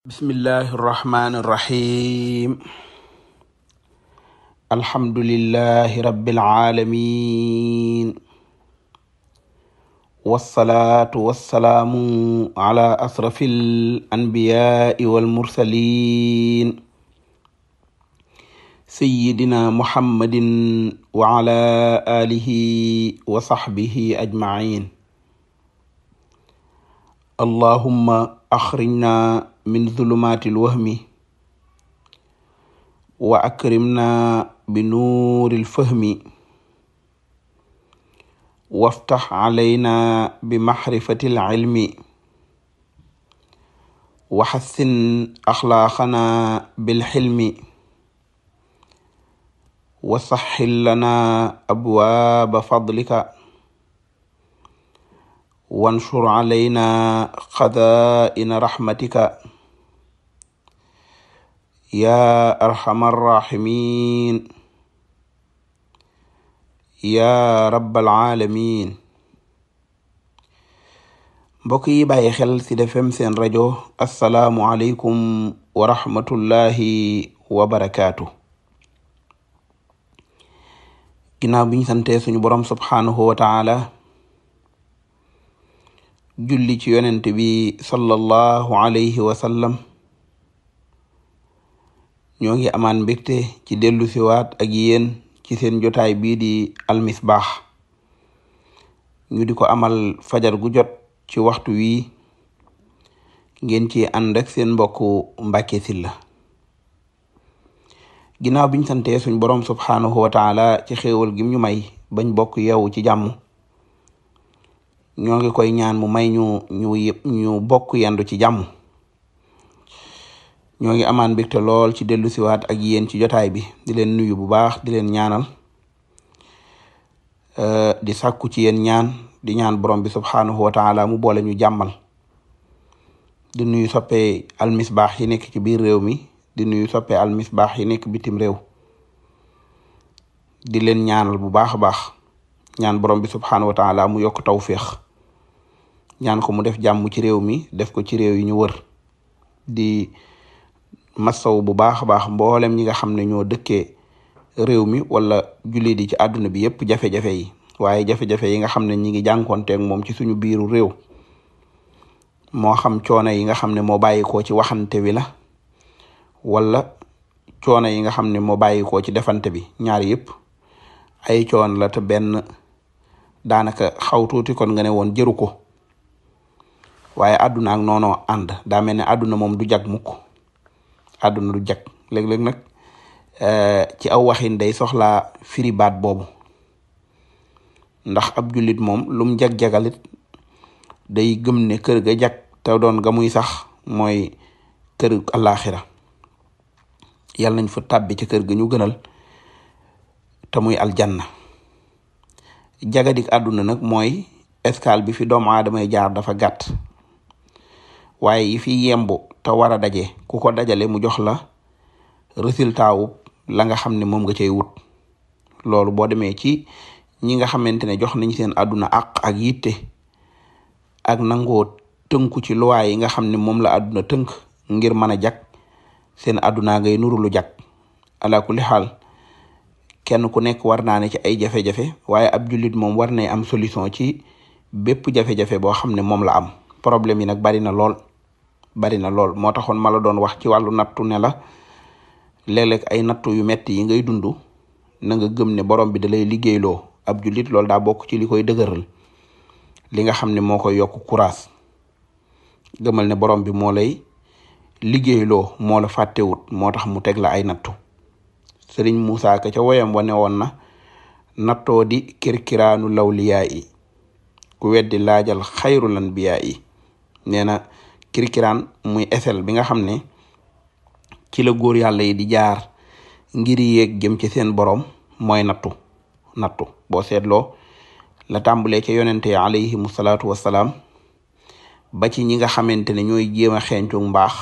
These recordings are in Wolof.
bismillahi irrahmani irrahim alhamdulilahi rabiilalamin wassalaatu wassalaamu ala asrafi al anbiyaai walmursalin sayidina muhammadin wa ala alihi wa saxbihi ajmain allahumma axrijna min zulumaati lwahmi wa akrimna bi nuuril fahmi waftax calayna bi maxrifati lcilmi wa lana abwaaba fadlika wansur alayna xadaa'ina raxmatika yaa arxamar raximin yaa rabbal aalamiin mbokk yi bàyyi xel ci Sud FM seen rajo asalaamu aleykum wa rahmatullahi wa ginnaaw bi santee suñu borom subhaanahu wa julli ci yonent bi sallallahu alayhi wa ñoo ngi amaan mbégte ci dellu siwaat ak yéen ci seen jotaay bii di almisbaax ñu di ko amal fajar gu jot ci waxtu wii ngeen ci ànd ak seen mbokku Mbàkke Sylla ginnaaw biñ santee borom boroom subhaanahu wa taala ci xéewal gim ñu may bañ bokk yeewu ci jàmm ñoo ngi koy ñaan mu may ñu ñu ñu bokk yendu ci jàmm ñoo ngi amaan mbégte lool ci dellu siwaat ak yéen ci jotaay bi di leen nuyu bu baax di leen ñaanal euh, di sàkku ci yéen ñaan di ñaan borom bi subhaanahu wa mu boole ñu jàmmal di nuyu soppe almisbaax yi nekk ci biir réew mi di nuyu soppe baax yi nekk bitim réew di leen ñaanal bu baax a baax ñaan borom bi subhaanahu wa mu yokk taw tawféex ñaan ko mu def jàmm ci réew mi def ko ci réew yi ñu wër di massaw bu baax a baax mboolem ñi nga xam ne ñoo dëkkee réew mi wala jullit yi ci àdduna bi yëpp jafe-jafe yi waaye jafe-jafe yi nga xam ne ñi ngi jànkoonteeg moom ci suñu biiru réew moo xam coono yi nga xam ne moo bàyyikoo ci waxante wi la wala coono yi nga xam ne moo bàyyikoo ci defante bi ñaar yëpp ay coon la te benn daanaka xaw tuuti kon nga ne woon jëru ko waaye àdduna ak noonoo ànd daa mel ne àdduna moom du jag mukk àdduna du jag léeg-léeg nag eh, ci aw waxin day soxla firi baat boobu ndax ab jullit moom lum jag-jagalit day gëm ne kër ga jag te doon ga muy sax mooy kër àllaaxira yàlla nañ fa tàbbi ci kër ga ñu gënal te muy aljanna jagadik àdduna nag mooy escale bi fi doomu aadamay jaar dafa gàtt waaye yi fi yemb te war a daje ku ko dajale mu jox la résultat wu la nga xam ne moom nga cey wut loolu boo demee ci ñi nga xamante ne jox nañ seen àdduna àq ak yitte ak nangoo tënku ci luwaa yi nga xam ne moom la àdduna tënk ngir mën a jag seen àdduna ngay nuru lu jag ala kulli xaal kenn ku nekk war naa ne ci ay jafe-jafe waaye ab jullit moom war nay am solution ci bépp jafe-jafe boo xam ne moom la am problème yi nag bari na lool bari na lool moo taxoon ma la doon wax ci wàllu nattu ne la léeg ay nattu yu metti yi ngay dundu na nga gëm ne borom bi da lay liggéeyloo ab julit loolu daa bokk ci li koy dëgëral li nga xam ne moo koy yokk courage gëmal ne borom bi moo lay liggéeyloo moo la fàttewut moo tax mu teg la ay nattu sëriñ Moussa Ka ca woyam wane woon na nattoo di kirkiraanu lawliyaa yi ku weddi laajal xayrul anbiyaa yi nee na kirkiraan muy esel bi nga xam ne ci la góor yàlla yi di jaar ngir yéeg jëm ci seen borom mooy nattu nattu boo seetloo la tàmbalee ca yonente yi alayhimu salaatu wassalaam ba ci ñi nga xamante ne ñooy jéem a xeencu mbaax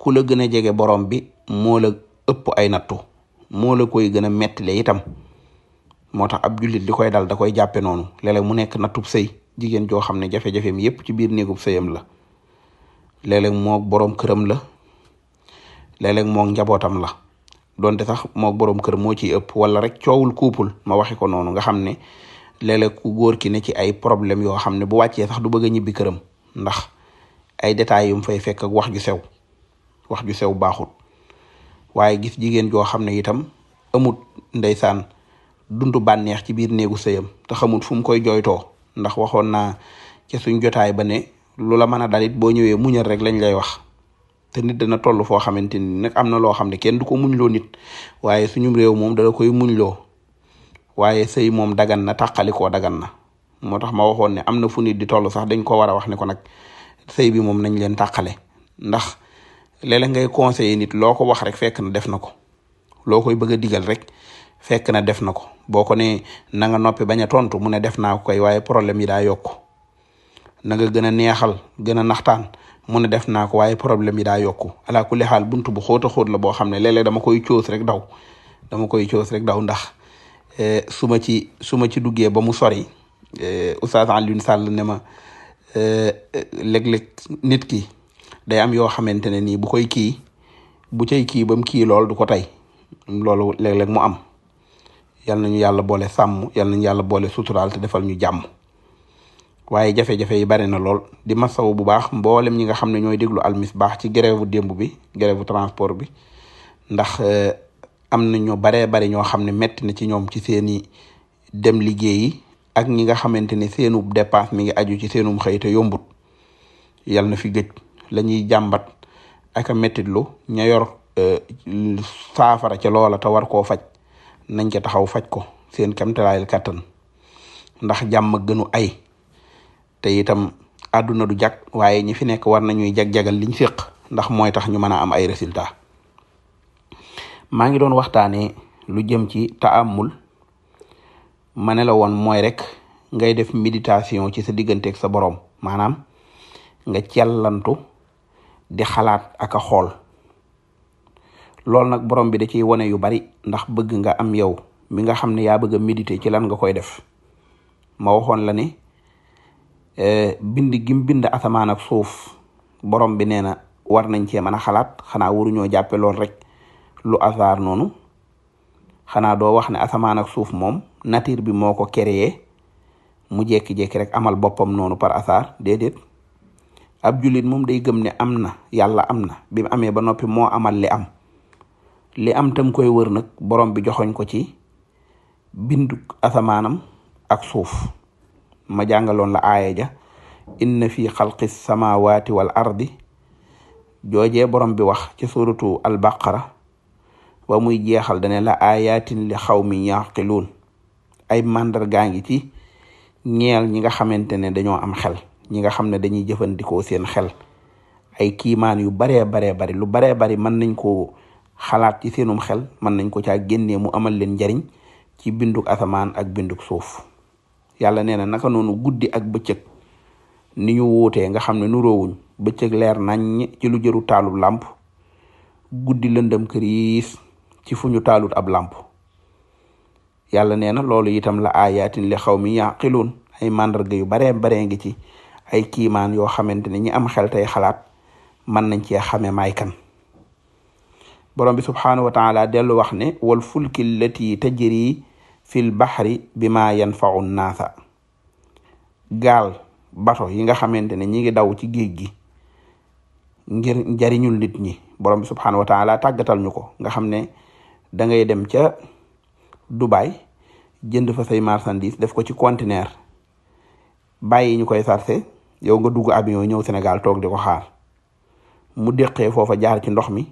ku la gën a jege borom bi moo la ëpp ay nattu moo la koy gën a mettile itam moo tax ab jullit li koy dal da koy jàppe noonu léeg mu nekk nattub sëy jigéen joo xam ne jafe-jafeem yépp ci biir néegub sëyam la léeg-léeg moog boroom këram la léeg-léeg moog njabootam la donte sax moog boroom kër moo ciy ëpp wala rek coowul couple ma waxe ko noonu nga xam ne léeg ku góor ki ne ci ay problème yoo xam ne bu wàccee sax du bëgg a ñibbi këram ndax ay détails yum fay fekk ak wax ju sew wax ju sew baaxut waaye gis jigéen joo xam ne itam amut ndeysaan dundu bànneex ci biir néegu sëyam te xamut fu mu koy jooytoo ndax waxoon naa ci suñ jotaay ba ne lu la mën a dalit boo ñëwee muñal rek lañ lay wax te nit dana toll foo xamante ni nag am na loo xam ne kenn du ko muñloo nit waaye suñu réew moom dala koy muñloo waaye sëy moom dagan na tàqalikoo dagan na moo tax ma waxoon ne am na fu nit di toll sax dañ ko war a wax ne ko nag sëy bi moom nañ leen tàqale ndax léeg-léeg ngay conseiller nit loo ko wax rek fekk na def na ko loo koy bëgg a digal rek fekk na def na ko boo ko ne na nga noppi bañ a tontu mu ne def naa ko koy waaye problème yi daa yokku na nga gën a neexal gën a naxtaan mu ne def naa ko waaye problème yi daa yokku ala kulli xaal buntu bu xóot a xóot la boo xam ne léeg dama koy coos rek daw dama koy coos rek daw ndax eh, su ma ci su ma ci duggee ba mu sori eh, Oustaz Alioune Sall ne ma eh, léeg-léeg nit ki day am yoo xamante ne nii bu koy kii bu cay kii ba mu kii lool du ko tey loolu léeg-léeg mu am yal nañu yàlla boole sàmm yal nañu yàlla boole suturaal te defal ñu jàmm. waaye jafe-jafe yi bari na lool di masawu bu baax mboolem ñi nga xam ne ñooy déglu baax ci grève bu démb bi grève transport bi ndax eh, am na ñu baree bari ñoo xam ne metti na ci ñoom ci seeni dem liggéey ak ñi nga xamante ne seenu dépense mi ngi aju ci seenu xëy te yombut yal na fi gëj lañuy jàmbat ak a méttitlu ña yor eh, saafara ca loola te war koo faj nañ ca taxaw faj ko seen kamtalaayal kattan ndax jàmm gënu ay te itam àdduna du jag waaye ñi fi nekk war nañuy jag-jagal liñ féq ndax mooy tax ñu mën a am ay résultat maa ngi doon waxtaanee lu jëm ci taamul ma ne la woon mooy rek ngay def méditation ci sa digganteeg sa borom maanaam nga cellantu di xalaat aka xool loolu nag borom bi da ciy wane yu bari ndax bëgg nga am yow mi nga xam ne yaa bëgg a méditer ci lan nga koy def ma waxoon la ne Eh, bind gim bind asamaan ak suuf borom bi nee na war nañ cee mën a xalaat xanaa waruñoo jàppe lool rek lu hasard noonu xanaa doo wax ne asamaan ak suuf moom nature bi moo ko créé mu jékki-jékki rek amal boppam noonu par hasard déedéet ab jullit moom day gëm ne am na yàlla am na bi amee ba noppi moo amal li am li am tam koy wër nag borom bi joxoñ ko ci bindu asamaanam ak suuf ma jàngaloon la aaya ja inna fi xalqi samawati wal ardi joojee borom bi wax ci suratu albaqara wa muy jeexal dane la ayatin mi xawmi yaqiluun ay màndargaa ngi ci ñeel ñi nga xamante ne dañoo am xel ñi nga xam ne dañuy jëfandikoo seen xel ay kimaan yu baree baree bari lu baree bari mën nañ ko xalaat ci seenum xel mën nañ ko caa génnee mu amal leen njariñ ci binduk asamaan ak binduk suuf yàlla nee na naka noonu guddi ak bëccëg ni ñu wuutee nga xam ne nu roowuñ bëccëg leer naññ ci lu jëru taalub làmp guddi lëndëm këriis ci fu ñu taalut ab làmp yàlla nee na loolu itam la aayaatin li xaw mi yaqiluun ay màndarga yu baree baree ngi ci ay kiimaan yoo xamante ne ñi am xel tey xalaat mën nañ cee xame may kan borom bi subhaanahu wa taala wax ne wal fulki lati tajri fil baxri bi ma yanfau naasa gaal bato yi nga xamante ne ñi ngi daw ci géej gi ngir njariñul nit ñi borom bi subhanahu wa tàggatal ñu ko nga xam ne da ngay dem ca Dubai jënd fa say marchandise def ko ci conteneur bàyyi ñu koy sarse yow nga dugg avion ñëw senegal toog di ko xaar mu déqee foofa jaar ci ndox mi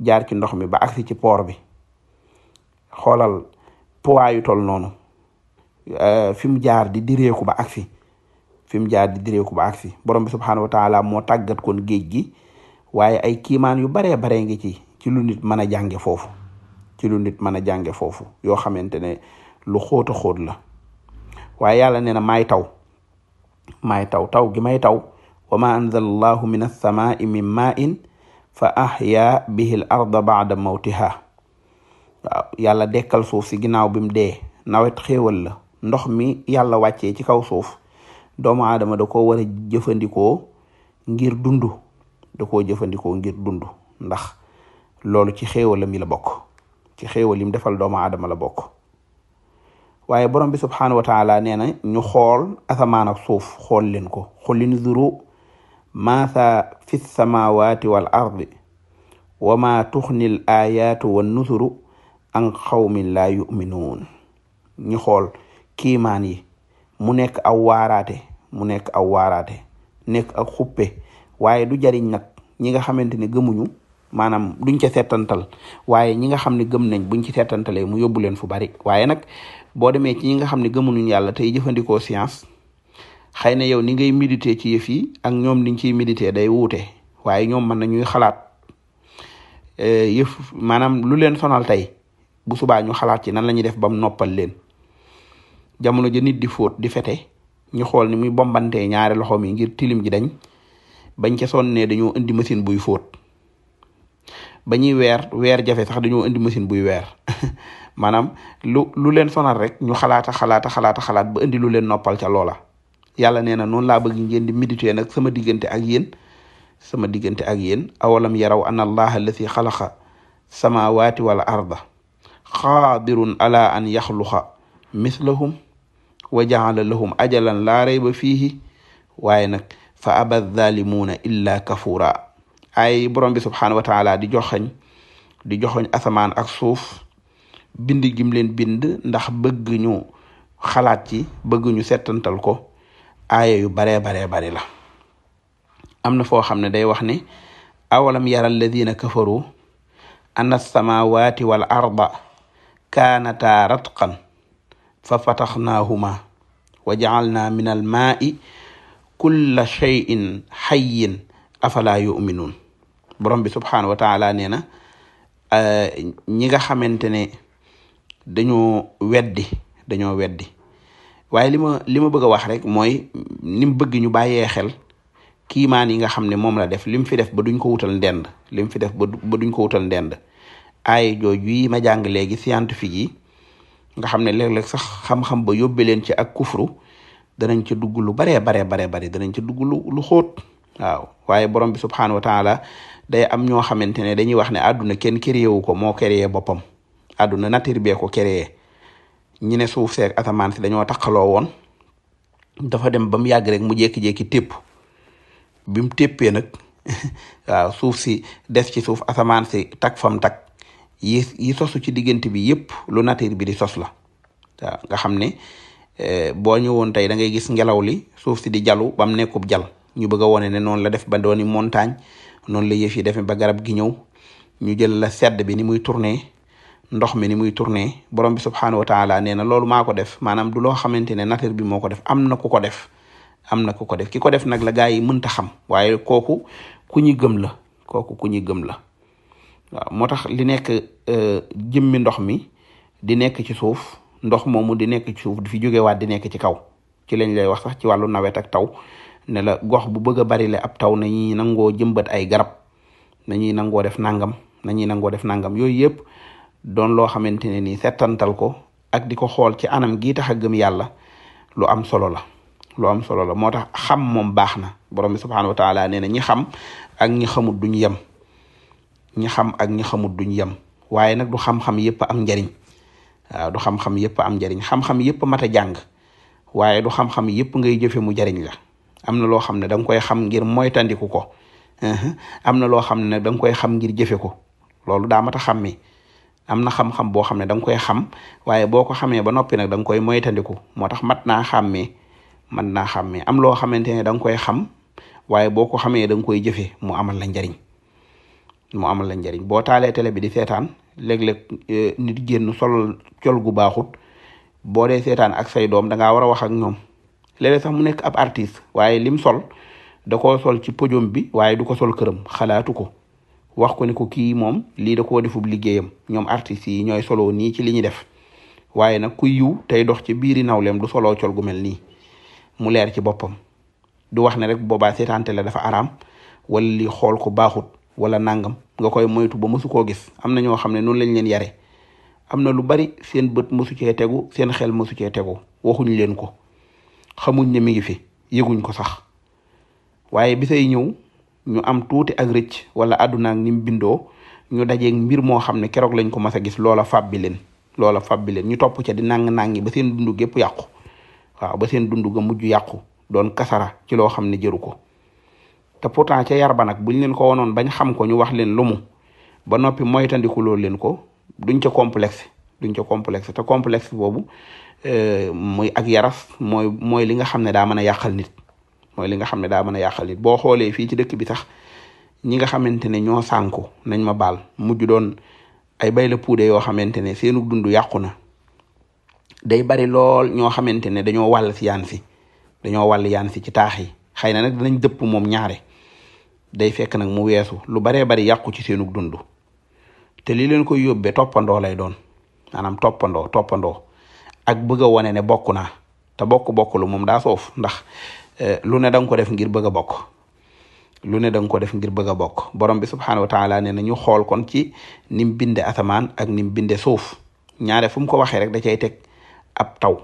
jaar ci ndox mi ba agsi ci poor bi xoolal poids yu toll noonu euh, fi mu jaar di direeku ba agsi fi mu jaar di direeku ba agsi borom bi moo tàggat kon géej gi waaye ay kiimaan yu baree baree ngi ci ci lu nit mën a jànge foofu ci lu mën a jànge foofu yoo xamante ne lu xóot a xóot la waaye yàlla nee na maay taw maay taw taw gi may taw wa ma anzala allahu min alsamaai min ma in fa ahya bihi al arda bada mawtiha waaw yàlla dekkal suuf si ginnaaw bi mu dee nawet xéewal la ndox mi yàlla wàccee ci kaw suuf doomu aadama da ko war a jëfandikoo ngir dund da koo jëfandikoo ngir dund ndax loolu ci xéewalam yi la bokk ci xéewal yim defal doomu aadama la bokk waaye borom bi subhaanahu wa taala nee na ñu xool asamaan ak suuf xool leen ko xollin zuru maasa fi samawati wal ardi wa ma tuxni l nusuru an xawmin laa yuminuun ñu xool kiimaan yi mu nekk aw waaraate mu nekk aw waaraate nekk ak xuppe waaye du jariñ nag ñi nga xamante ne gëmuñu maanaam duñ ca seetantal waaye ñi nga xam ne gëm nañ buñ ci seetantalee mu yóbbu leen fu bari waaye nag boo demee ci ñi nga xam ne gëmuñu yàlla tey jëfandikoo science xëy na yow ni ngay méditer ci yëf ak ñoom niñ ciy méditer day wuute waaye ñoom mën nañuy xalaat eh, yëf maanaam lu leen sonal tey bu subaa ñu xalaat ci nan la ñuy def bam noppal leen jamono ja nit di fóot di fete ñu xool ni muy bombantee ñaari loxo mi ngir tilim ji dañ bañ ca ne dañoo indi machine buy fóot ba ñuy weer weer jafe sax dañoo indi machine buy weer maanaam lu lu leen sonal rek ñu xalaata xalaata xalaata xalaat ba indi lu leen noppal ca loola yàlla nee na noonu laa bëgg ngeen di méditer nag sama diggante ak yéen sama diggante ak yéen awalam yaraw an allaha alladi xalaqa samawati wala arda xaadirun ala an yaxluqa mislahum wa jaala lahum ajalan laa rayba fiihi waaye nag fa aba zaalimuuna illa kafura ay borom bi subhaanahu wa di joxañ di joxoñ asamaan ak suuf bind gim leen bind ndax bëgg ñu xalaat ci bëgg settantal ko aaya yu baree baree bari la am na foo xam ne day wax ne awalam yara alladina kafaru anna alsamawati wala arda kaanataa ratqan fa fataxnaahumaa wa jacalnaa min almaai kulla cheyin xayin afalaa yuminuun borom bi subhaanahu wa taala nee na eh, ñi nga xamante ne dañoo weddi dañoo weddi waaye li ma li ma bëgg wax rek mooy ni mu bëgg ñu bàyyee xel kiimaan yi nga xam ne moom la def li mu fi def ba duñ ko wutal ndend li mu fi def ba duñ ko wutal ndend ay jooj yi ma jàng léegi scientifique yi nga xam ne léeg-léeg sax xam-xam ba yóbbe leen ci ak kufru danañ ci dugg lu baree baree baree bari danañ ci dugg lu lu xóot waaw waaye borom bi subxanahu wa taala day am ñoo xamante ne dañuy wax ne àdduna kenn créé wu ko moo créé boppam àdduna nature bee ko créé ñu ne suuf seek asamaan si dañoo taqaloo woon dafa dem ba mu yàgg rek mu jékki-jékki tépp bi mu téppee nag waaw suuf si des ci suuf asamaan si tak fam tak yi yi sosu ci diggante bi yépp lu nature bi di sos la nga xam ne eh, boo ñëwoon tey da ngay gis ngelaw li suuf si di jalu bam mu nekkub jal ñu bëgg a wone ne noonu la def ba dooni montagne noonu la yëf yi defee ba garab gi ñëw ñu jël la sedd bi ni muy tourner ndox mi ni muy tourner borom bi subxanahu wa taala nee na loolu maa ko def maanaam du loo xamante ne bi moo ko def am na ku ko def am na ku ko def ki ko def nag la gaa yi mënta xam waaye kooku ku ñu gëm la kooku ku ñu gëm la. waaw moo tax li nekk euh, jëmmi ndox mi di nekk ci suuf ndox moomu di nekk ci suuf di fi jógewaat di nekk ci kaw ci lañ lay wax sax ci wàllu nawet ak taw ne la gox bu bëgg a bari la ab taw nañuy nangoo jëmbat ay garab nañuy nangoo def nangam nañuy nangoo def nangam yooyu yëpp doon loo xamante ne nii settantal ko ak di ko xool ci anam gi tax a gëm yàlla lu am solo la lu am solo la moo tax xam moom baax na borom bi subhaanahu wa taala nee na ñi xam ak xamut duñu yem ñi xam ak ñi xamut duñ yem waaye nag du xam-xam yépp am njariñ du xam-xam yépp am njariñ xam-xam mat a jàng waaye du xam-xam yépp ngay jëfe mu jariñ la am na loo xam ne da koy xam ngir moytandiku ko am na loo xam ne nag koy xam ngir jëfe ko loolu daa mat a xàmmee am na xam-xam boo xam ne da nga koy xam waaye boo ko xamee ba noppi nag da nga koy moytandiku moo tax mat naa xàmmee man naa xàmmee am loo xamante ne da nga koy xam waaye boo ko xamee da koy jëfe mu amal la njariñ mu amal la njariñ boo taalee tele bi di seetaan léeg-léeg e, nit génn sol col gu baaxut boo dee seetaan ak say doom da ngaa war a wax ak ñoom léeg sax mu nekk ab artiste waaye lim sol da ko sol ci podium bi waaye du ko sol këram xalaatu ko wax ko ni ko kii moom lii da koo defub liggéeyam ñoom artistes yi ñooy solo nii ci li ñuy def waaye nag ku yiw tey dox ci biiri nawleem du soloo col gu mel nii mu leer ci boppam du wax ne rek boobaa seetaan télé dafa araam wala lii xool ko baaxut wala nangam nga koy moytu ba mosu koo gis am na ñoo xam ne noonu lañ leen yare am na lu bari seen bët mosu cee tegu seen xel mosu cee tegu waxuñ leen ko xamuñ ne mi ngi fi yëguñ ko sax waaye bisay ñëw ñu am tuuti ak rëcc wala àdduna ni mu bindoo ñu dajeeg mbir moo xam ne keroog lañ ko mas a gis loola fab bi leen loola fab bi leen ñu topp ca di nàng-nàngi ba seen dund gépp yàqu waaw ba seen dund ga mujj yàqu doon kasara ci loo xam ne jaru ko te pourtant ce yar ba nag buñ leen ko wonoon bañ xam ko ñu wax leen lumu ba noppi lool leen ko duñ ca complexe duñ ca complexe te complexe boobu euh, muy ak yaras mooy mooy li nga xam ne daa mën a yàqal nit mooy li nga xam ne daa mën a yàqal nit boo xoolee fii ci dëkk bi sax ñi nga xamante ne ñoo sànku nañ ma baal mujj doon ay bay la puude yoo xamante ne seenu dund yàqu na day bari lool ñoo xamante ne dañoo wàll si yaan si dañoo wàll yaan si ci taax yi xëy na nag danañ dëpp moom ñaare day fekk nag mu weesu lu baree bari yàqu ci seenug dund te li leen koy yóbbee toppandoo lay doon maanaam toppandoo toppandoo ak bëgg a wane ne bokk na te bokk bokk lu moom daa soof ndax eh, lu ne danga ko def ngir bëgg a bokk lu ne danga ko def ngir bëgg a bokk borom bi subxanahu wa taala nee na ñu xool kon ci nim binde asamaan ak nim binde suuf ñaare fu ko waxee rek da cay teg ab taw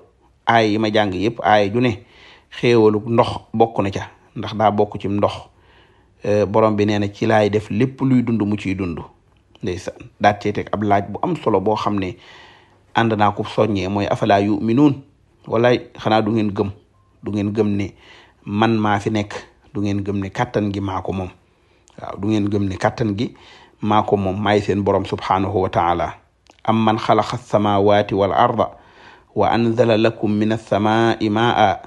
aay yi ma jàng yëpp aay ju ne xéewalug ndox bokk na ca ndax daa bokk ci ndox. Eh, borom bi nee na ci laay def lépp luy dund mu ciy dund ndeysaan ab laaj bu am solo boo xam ne ànd naa ko soññee mooy afalaa yuminuun walaay xanaa du ngeen gëm du ngeen gëm ne man maa fi nekk du ngeen gëm ne kàttan gi maa ko moom waaw du ngeen gëm ne kàttan gi maa ko moom maay seen borom subhaanahu wa taala am man xalaqa samaawaati wal arda wa anzala lakum min alsamaai maa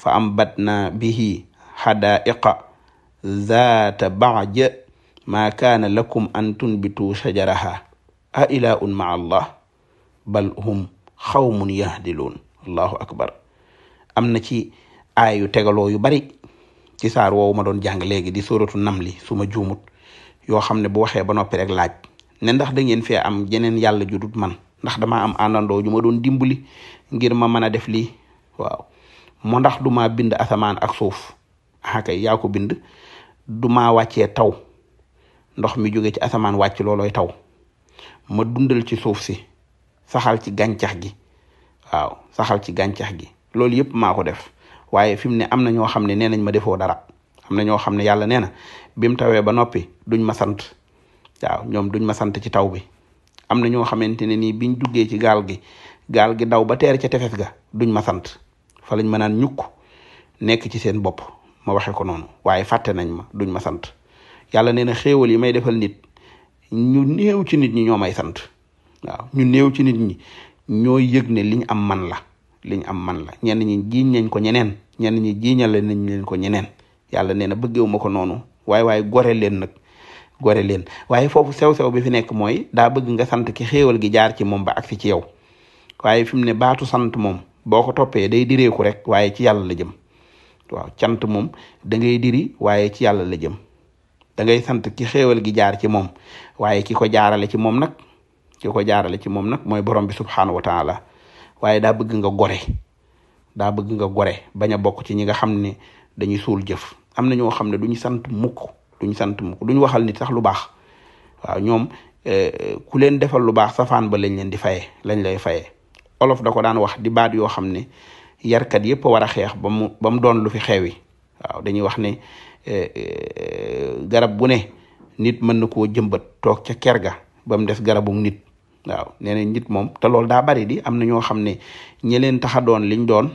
fa ambatna bihi xadaiqa zaata baj maa kaana lakum an tunbitu shajaraha a ilaun maa allah bal hum xawmun yahdiluun allahu akbar am na ci aayu tegaloo yu bari ci saar woowu ma doon jàng léegi di sóoratu namli su ma juumut yoo xam ne bu waxee ba noppi rek laaj ne ndax da ngeen fee am jeneen yàlla ju dut man ndax damaa am àndandoo ñu ma doon dimbali ngir ma mën a def lii waaw ndax du ma bind asamaan ak suuf ah bind du ma wàccee taw ndox mi jóge ci asamaan wàcc loolooy taw ma dundal ci suuf si saxal ci gàncax gi waaw saxal ci gàncax gi loolu yëpp maa ko def waaye fi mu ne am na ñoo xam ne nee nañ ma defoo dara am na ñoo xam ne yàlla nee na bi mu tawee ba noppi duñ ma sant waaw ñoom duñ ma sant ci taw bi am na ñoo xamante ne nii biñ duggee ci gaal gi gaal gi daw ba teer ca tefes ga duñ ma sant fa lañ ma naan ñukk nekk ci seen bopp ma waxe ko noonu waaye fàtte nañ ma duñ ma sant yàlla nee na xéewal yi may defal nit ñu néew ci nit ñi ñoo may sant waaw ñu néew ci nit ñi ñooy yëg ne liñ am man la liñ am man la ñenn ñi jiiñ nañ ko ñeneen ñenn ñi jiiñale nañ leen ko ñeneen yàlla nee na bëggewu ko noonu waaye waaye gore leen nag gore leen waaye foofu sew-sew bi fi nekk mooy daa bëgg nga sant ki xéewal gi jaar ci moom ba agsi ci yow waaye fi mu ne baatu sant moom boo ko toppee day direeku rek waaye ci yàlla la jëm waaw cant moom da ngay diri waaye ci yàlla la jëm da ngay sant ki xéewal gi jaar ci moom waaye ki ko jaarale ci moom nag ki ko jaarale ci moom nag mooy borom bi subxanahu wa taala waaye daa bëgg nga gore daa bëgg nga gore bañ a bokk ci ñi nga xam ne dañuy suul jëf am na ñoo xam ne du sant mukk du ñu sant mukk du waxal nit sax lu baax waaw ñoom eh, ku leen defal lu baax safaan ba lañ leen di faye lañ lay faye olof da ko daan wax di baat yoo xam ne. yarkat yëpp war a xeex ba mu ba doon lu fi xewi waaw dañuy wax ne eh, eh, garab bu ne nit mën na koo jëmbat toog ca ker ga ba mu des garabu nit waaw nee na nit moom te loolu daa bari di am na ñoo xam ne ñi leen tax doon liñ doon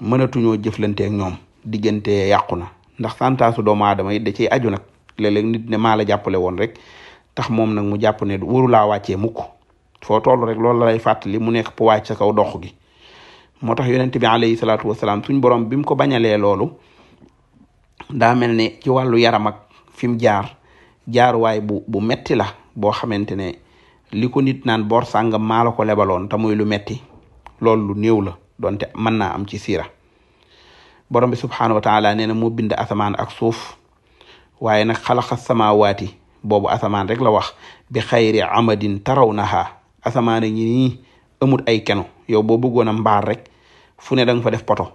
mënatuñoo jëflante ak ñoom diggante yàqu na ndax santaasu doomu aadama yi da ciy aju nag léeg-léeg nit ne maa la jàppale woon rek tax moom nag mu jàpp ne waru laa wàccee mukk foo toll rek loolu la lay fàttali mu nekk puwaay sa kaw dox gi moo tax yonent bi alayhi salaatu wasalaam suñ borom bi mu ko bañalee loolu daa mel ne ci wàllu yaram ak fi mu jaar jaaruwaay bu bu metti la boo xamante ne li ko nit naan bor sàngam ko lebaloon te muy lu metti loolu lu néew la donte mën naa am ci sira borom bi subhaanahu wa taala nee na moo bind asamaan ak suuf waaye nag sama samaawaati boobu asamaan rek la wax bi xayri amadin tarawnaha asamaan a ngi nii amut ay keno yow boo bëggoon a mbaar rek fu ne danga fa def poto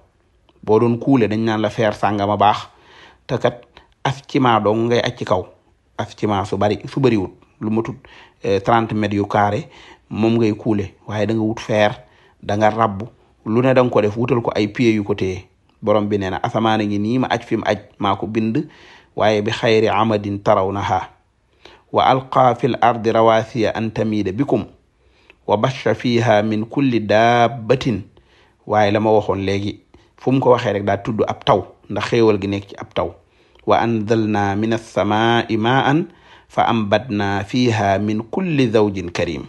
boo doon kuule dañ naan la feer sàngama baax te kat as ciment dong ngay aj ci kaw as ciment su bari su bariwut lu ma tut eh, trente mètres yu carré moom ngay kuule waaye da nga wut feer da nga rabb lu ne da nga ko def wutal ko ay pieds yu ko téye borom bi nee na asamaan a ngi nii ma aj fi mu aj maa ko bind waaye bi xayri amadin taraw naha wa alqaa fi l ardi rawasiya an tamida bikum wa basha fiha min kulli dabbatin waaye la ma waxoon léegi fu mu ko waxee rek daa tudd ab taw ndax xéewal gi nekk ci ab taw wa anzalna min as-samaa'i ma'an fa ambatna fiha min kulli zawjin karim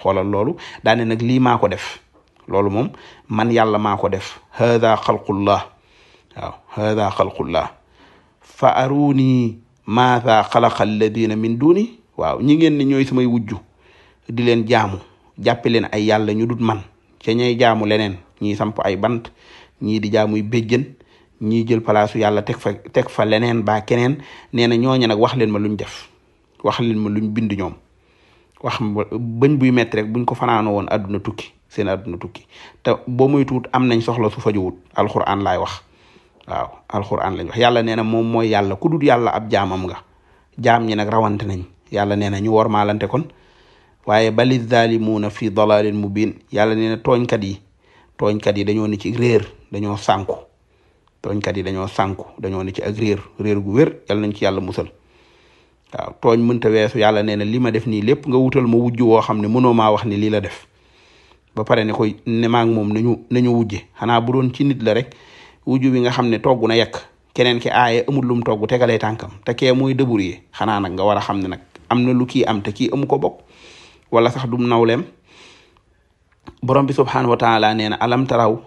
xoolal loolu daane nag lii maa ko def loolu moom man yàlla maa ko def hada xalqullah waaw hada xalqullah fa aruni maatha xalaqa min duni waaw ñi ngeen ni ñooy samay wujju di leen jaamu jàppi leen ay yàlla ñu dut man ca ñay jaamu leneen ñii samp ay bant ñii di jaamuy béjjën ñii jël palaasu yàlla teg fa teg fa leneen baa keneen nee na ñooñu nag wax leen ma luñ def wax leen ma luñ bind ñoom wax bañ buy metti rek buñ ko fanaanoo woon àdduna tukki seen àdduna tukki te boo muy tuut am nañ soxla su fajuwut alxuraan laay wax waaw alxuraan lañ wax yàlla nee na moom mooy yàlla ku dul yàlla ab jaamam nga jaam ñi nag rawante nañ yàlla nee na ñu wormaalante kon waaye bali zaalimuuna fi dalalin mubin yàlla nee na tooñkat yi tooñkat yi dañoo ne ci réer dañoo sànku tooñkat yi dañoo sànku dañoo ne ci ak réer réer gu wér yàlla nañ ci yàlla musal waaw tooñ mënta weesu yàlla nee na li ma def nii lépp nga wutal ma wujj woo xam ne mënoo maa wax ni lii la def ba pare ne ko ne maag moom nañu nañu wujje xanaa bu doon ci nit la rek wujju bi nga xam ne togg na yekk keneen ki aaye amul lum togg tegalee tànkam te kee mooy débrouiller xanaa nag nga war xam ne nag am na lu kii am te kii amu ko bokk wala sax dum nawleem borom bi subhaanahu wa taala nee na alam taraw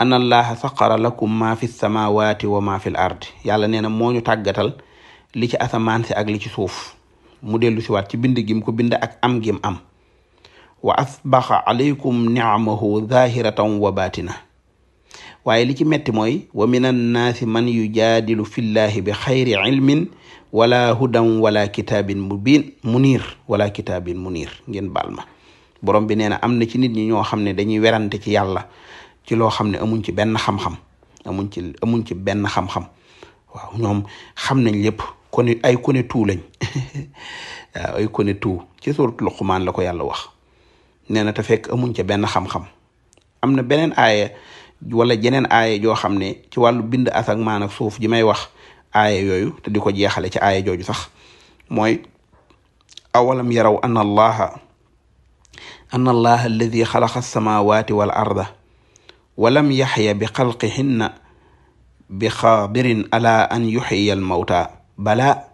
anna allaha lakum maa fi samawati wa maa fi l ard yàlla nee na moo ñu tàggatal li ci asamaan si ak li ci suuf mu dellu siwaat ci bind gim ko bind ak am gim am wa asbaxa alaykum niamahu zahiratan wa batina waaye li ci metti mooy wa min annaasi man yujaadilu fillahi bi xayri ilmin wala hudan wala kitaabin mubin munir wala kitaabin munir ngeen baal borom bi nee na am na ci nit ñi ñoo xam ne dañuy werante ci yàlla ci loo xam ne amuñ ci benn xam-xam ci amuñ ci benn xam-xam waaw ñoom xam nañ lépp kon ay kone tuu lañ ay kone tuu ci suuratul Luqmaan la ko yàlla wax nee na te fekk muñ ca benn xam-xam am na beneen aaya wala jeneen aaya joo xam ne ci wàllu bind asamaan ak suuf ji may wax aaya yooyu te di ko jeexale ci aaya jooju sax mooy awalam yaraw anna anna allaha alladi xalaqa alsamawati wal arda walam yaxya bi xalqihinna bi xaabirin ala an yuxyiya almawta bala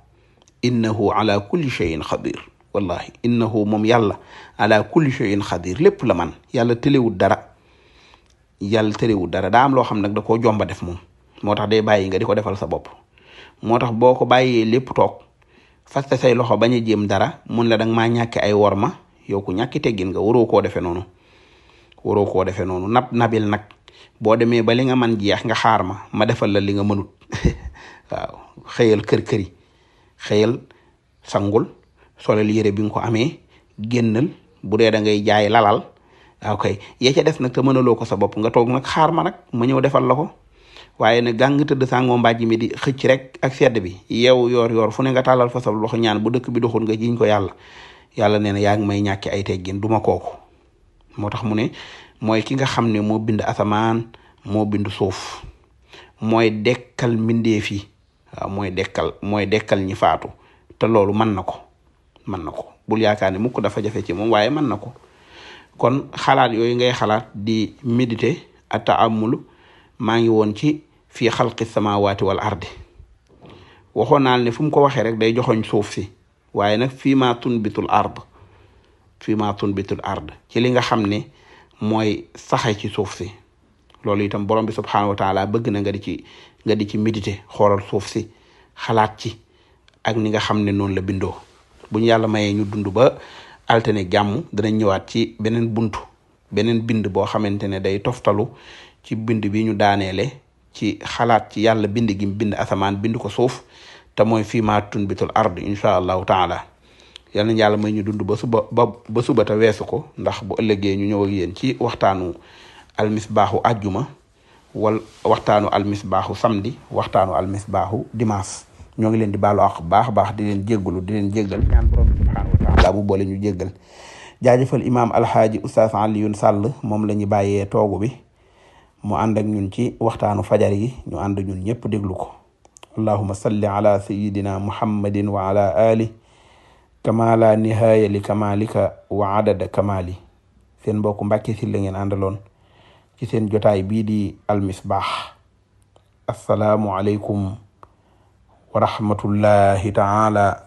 innahu ala kulli cheyin xadir wallahi innahu moom yàlla ala kulli cheyin xadir lépp la man yàlla tëlewul dara yàlla tëlewul dara daa am loo xam nag da koo jomba def moom moo tax day bàyyi nga di ko defal sa bopp moo tax boo ko bàyyee lépp toog fasta say loxo bañ a jéem dara mun la danga maa ñàkk ay worma yow ku ñàkki teggin nga waroo koo defee noonu waroo koo defee noonu nab nabil nag boo demee ba li nga man jeex nga xaar ma ma defal la li nga mënut waaw xëyal kër-këri xëyal sangul solel yére bi nga ko amee génnal bu dee da ngay jaay lalal waaw ah, kay ya ca def nag te mënaloo ko sa bopp nga toog nag xaar ma nag ma ñëw defal la ko waaye ne gàng tëdd sàngoo mbàjj mi di xëcc rek ak sedd bi yow yoor yoor fu ne nga tàllal fa sa loxo ñaan bu dëkk bi doxoon nga jiñ ko yàlla yàlla nee na yaa ngi may ñàkki ay teggin duma kooku moo tax mu ne mooy ki nga xam ne moo bind asamaan moo bindu suuf mooy dekkal mbindeef yi waaw mooy dekkal mooy dekkal ñi faatu te loolu mën na ko mën na ko bul yaakaar ne mukk dafa jafe ci moom waaye mën na ko kon xalaat yooyu ngay xalaat di méditer ata amul maa ngi woon ci fii xalqi samawaati wal ardi waxoon naa ne fu mu ko waxee rek day joxoñ suuf si waaye nag fii maa bitul ard fii maa tunbitul ard ci li nga xam ne mooy saxe ci suuf si loolu itam borom bi subxanahu wa taala bëgg na nga di ci nga di ci méditer xoolal suuf si xalaat ci ak ni nga xam ne noonu la bindoo buñ ñu yàlla mayee ñu dund ba altine jàmm danañ ñëwaat ci beneen buntu beneen bind boo xamante ne day toftalu ci bind bi ñu daaneele ci xalaat ci yàlla bind gi bind asamaan bind ko suuf. te mooy fii maa tunbitul ard incha allahu taala yal nañ yàlla may ñu dund ba suba ba ba weesu ko ndax bu ëllëgee ñu ñëw ak ci waxtaanu almisbaaxu àjjuma wal waxtaanu baaxu samedi waxtaanu baaxu dimanche ñoo ngi leen di baalu ak baax baax di leen jéggalu di leen jéggal ñaan borom bi subhaanahu wa taala bu boole ñu jéggal jaajëfal imaam alxaaji oustaz Alioune sàll moom la ñu bàyyee toogu bi mu ànd ak ñun ci waxtaanu fajar yi ñu ànd ñun ñëpp déglu ko allahuma salli ala sayidina muhammadin wa ali kama la nihaaya wa adada kamali seen mbokku Mbàkke Sylla ngeen àndaloon ci seen jotaay bii di almisbaax assalaamu aleykum wa rahmatullahi taala